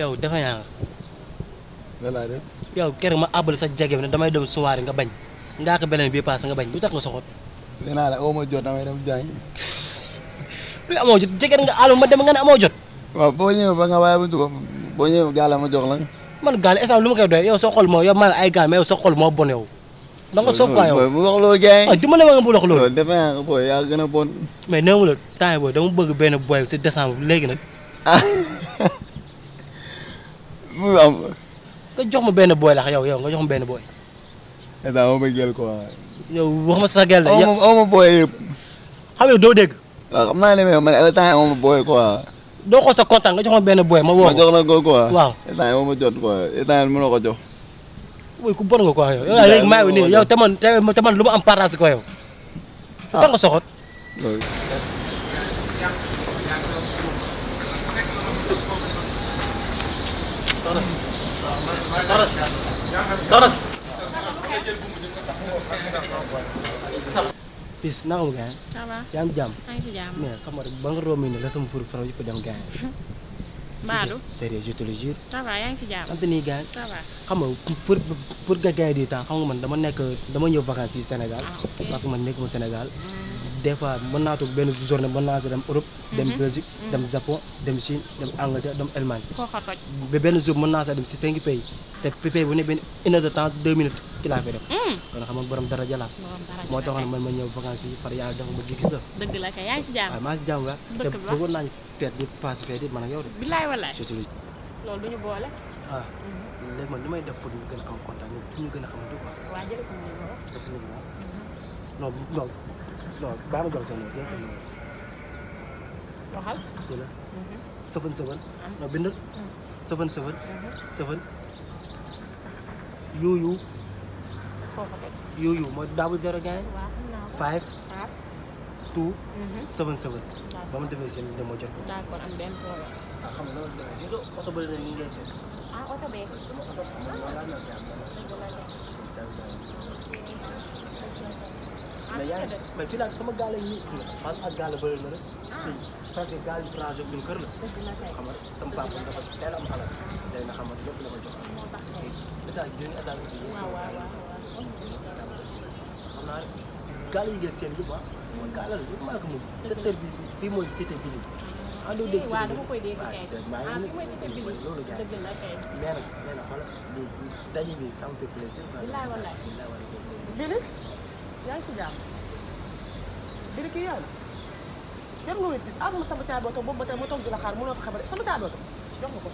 yow defe naa nga laa def yow keroog ma àbbal sa jege bi ne damay dem soirée nga bañ ngaa ko beneen bii paase nga bañ lu tax nga soxot nee naa la aw ma jot damay dem jaañ luy amoo jot jege nga àll ma dem nga ne amoo jot waaw boo ñëwee ba nga waaye bu dugg boo ñëwee gaal ma jox la man gaal instant lu ma koy doy yow sa xol moo yow maa ay gaal mais yow sa xol moo bon yow da nga soof quoi yow bu wax loolu gars yi ah, dimbale ma nga bu wax loolu defe naa nga booy yaa gën a bon mais néew la temps booy dama bëgg benn booy si décembre léegi nag nga jox ma benn booy lax yow yow nga ma benn booy. état aw ma gel quoi. yow ma sa gel de. aw ma aw ma booy yëpp. xam nga doo dégg. waaw naa ne man état ma sa kontaan jox benn booy ma woo. ma la ko quoi. waaw état jot quoi état mënoo ko jox. woy ku bon nga quoi yow. yow léegi ko yow. Soros. Soros. Soros. Fis naka mo gaan? Aba. Yaa ngi jàmm? Maa ngi ci jàmm. Mais xam nga rek furu faraw yëpp dem gaan. Mbaalu. Sérieux, je te le jure. Ça va, yaa di temps xam nga man dama des fois mën naa toog benn journée mën naa si dem Europe. dem mhm. Belgique mhm. dem Japon dem Chine dem Angleterre dem Allemagne. toj ba benn jour mën naa sa dem si cinq pays te pépé bu ne benn une heure de temps deux minutes ci laa fay def. Mm. kon xam nga borom dara jalaat. moo taxoon man ma ñëw vacances yi far yàlla dafa ma gis la. dëgg la kay yaa ngi si jàmm waaw maa ngi si jàmm te bëggoon naa ñu feet ñu passé feet it man ak yow de. bilaay walaay loolu du ñu boole. ah mhm. léegi man li may def pour ñu gën a am kontaan ñu pour ñu gën a xamante quoi. waa jël sama numéro. non non non baax na jël sa numéro jël sa numéro. waxal. jëla. sëfën sëfën. non bindal. Mhm. sëfën sëfën. Mhm. sëfën. yuuyu. foofu rek. mooy double zero gain. five. tout. sëfën sëfën. ba mu defee seen dama ko. Ah, na mais yaa ngi mais fii daal sama gaal la ñuy man ak gaal la bëri na rek. Ah. parce que gaal yi trajet suñu kër la. xam nga sama papa dafa teel am xalaat day na xam nga lépp la ma jox. état yi dañuy état aussi. waaw waaw waaw xam naa rek gaal yi ngeen seen yëpp ah. ma gaalal yëpp maa ko moom. secteur bi fii mooy cité bi nii. ah doo dégg waaw dama koy dégg kay ah fi mooy cité bi nii loolu jaay dëgg la kay. mais nag nee na xoolal lii daje bi ça me fait plaisir. bilaay wallaay bilaay wallaay. yaa ngi si jàmm kii yaa jar nga wet sama caabi oto boobu ba tey ma toog di la xaar mënoo sama caabi oto jox ma ko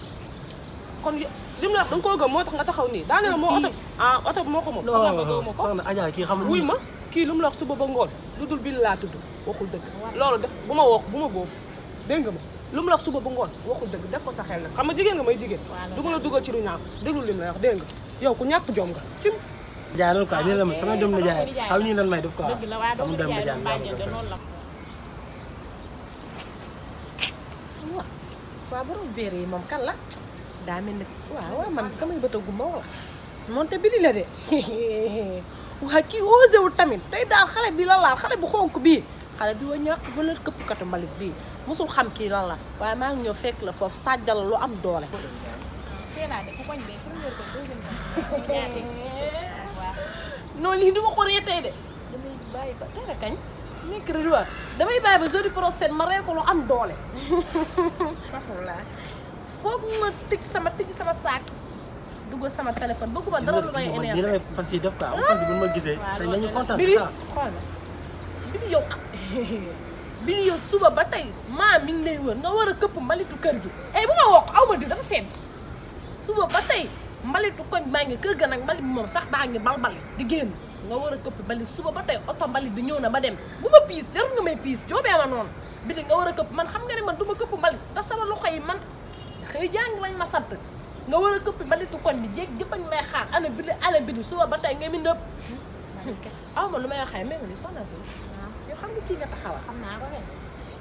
kon li mu la da nga moo tax nga taxaw nii daa ne moo oto ah oto bi moo ko moom soxna Adja kii xam wuy ma kii lu mu la wax suba ba ngoon lu dul bi laa tudd waxul dëgg loolu def bu ma wook bu ma boobu dégg nga ma lu mu la wax suba ba ngoon waxul dëgg def ko sa xel nag xam nga jigéen nga may jigéen du ma la dugal ci lu ñaaw déglu li mu la wax dégg yow ku ñàkk jom nga jaay loolu quoi nii la doom la jaay xaw ñu lan may def quoi sama doom yi moom kan la daa mel ni waaw waaw man samay bët a gumba wala noonte bi la de waa kii osé tamit tey daal xale bi la laal xale bu xonk bii xale bi wa ñàkk valeur këppkatu mbalit bii mosul xam kii lan la waaye maa ngi ñëw fekk la foofu sàjjal lu am doole non lii du ma ko reetee de damay bàyyi ba tey rek kañ mercredi waaw damay bàyyi ba jeudi prochain ma ree lu am doole. alhamdulilah foog ma tëj sama tëj sama saak. dugg sama téléphone bëgguma dara lu may énervé. yéen a def ko ah, fan si bu ma gisee. waaw tey nañu kontaan c'est ça bi ñu yow bi ñu yow suba ba tey maa mi ngi wër nga war a këpp mbalitu kër gi. ay eh, bu ma wokk aw diw dafa sedd suba ba tey. mbalitu koñ baa ngi kër ga nag mbalit moom sax baa ngi balbali di génn nga war a këpp mbalit suba ba tey oto mbalit bi ñëw na ba dem bu ma piis jarul nga may piis joobee ma noonu bi di nga war a këpp man xam nga ne man du ma këpp mbalit da sama loxo yi man xëy jàng lañ ma sant nga war a këpp mbalitu koñ bi jéeg jëppañ may xaar ana bi di ana bi di suba ba tey nga mi nëpp hmm. aw ma lu may waxee mel ni soxna si yoo xam nga kii nga taxawal xam naa ko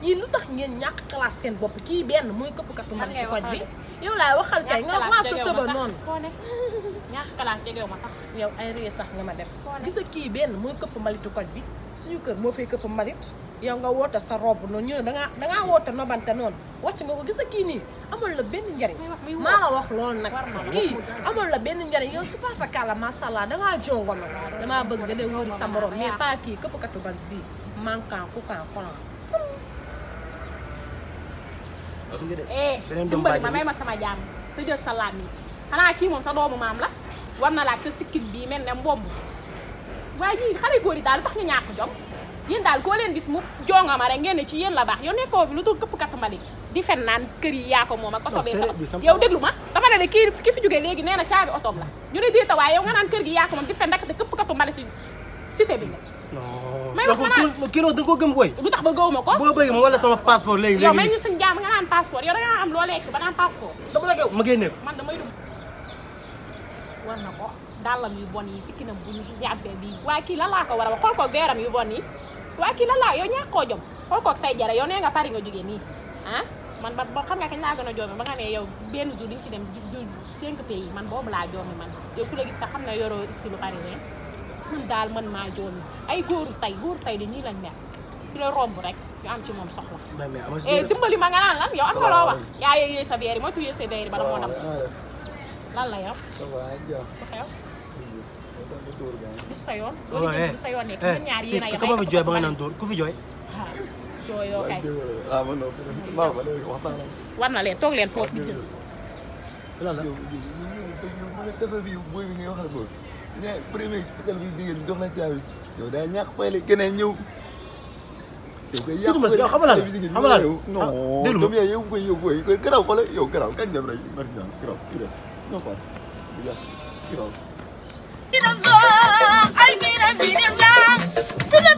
yéen lutax ngeen ñak classe sen bop ki ben muy kopp katu man ci koñ bi yow la waxal kay nga classe sa sëba non ñak classe jegew ma sax yow ay rue sax nga ma def gisa ki ben muy kopp malitu koñ bi suñu kër mo fay kopp malit yow nga wota sa robe noonu ñu da nga wota no banta non wacc nga ko gisa ki ni amul la ben njariñ ma la wax lool nak ki amul la ben njariñ yow su paafa kàlla masàllaa dangaa jongono damaa bëgg da de wori sa borom mais pas bi gis nga de beneen doomu bàjjen ma may ma sama jaam tëjal sa laam yi xanaa kii moom sa doomu maam la war na laa laaj sa sikkin bii mel ne mbobb waaye ñii xale góor yi daal tax ñu ñàkk jom yéen daal koo leen gis mu jongama rek ngeen ne ci yéen la baax yow nekkoo fi lu dul këpp kat mbali di fen naan kër yi yaa ko moom ak oto bee sax yow déglu ma dama ne ne kii ki fi jógee léegi nee na caabi otoom la ñu ne déeta waaye yow nga naan kër gi yaa ko moom di fen rek bi may ma ko naan kii da nga ko gëm booy. du tax ba gëw ma ko. boo bëggee ma wala sama passeport léegi léegi. yow may ñu suñu jaam nga naan passeport yow da nga am loo lekk ba naan passeport. dama ma génne ko. na ko dàllam yu bon yi tikkinam bu ñu jàppee kii lan laa ko war a wax xool koog beeram yu bon yi waaye kii lan laa yow ñàkkoo jom xool koog say jara yow nee nga Paris nga jógee nii ah man ba ba xam nga kañ laa gën a ba nga ne yow benn jour di nga ci dem cinq pays man boobu laa joome man yow ku la gis sax xam pour daal man maa joon ay tay góor góoru tey dañuy lañ mel ki la romb rek ñu am ci moom soxla. mais dimbali ma nga naan lan yow am wax. yaa yee yee sa beeri mooy tuye sa beeri moo dam lan la yow. sa yoon. loolu sa yoon nekk ñun ñaar yéen a yem ay jooy ba nga naan ku fi jooy. jooyoo kay war leen toog leen foofu ñu jël. lan la. nhé primi cái video trong này trời rồi đây nhắc quay lại cái này nhu Chứ mà sao không có lần, không có lần. Nó, đúng vậy, không quỳ, không quỳ. Cái đầu có lấy, hiểu cái đầu, cái nhận này, nhận, cái đầu, cái đầu. cái còn, cái giờ, cái đầu. Đi cái rồi, cái đi cái gì cái làm. cái là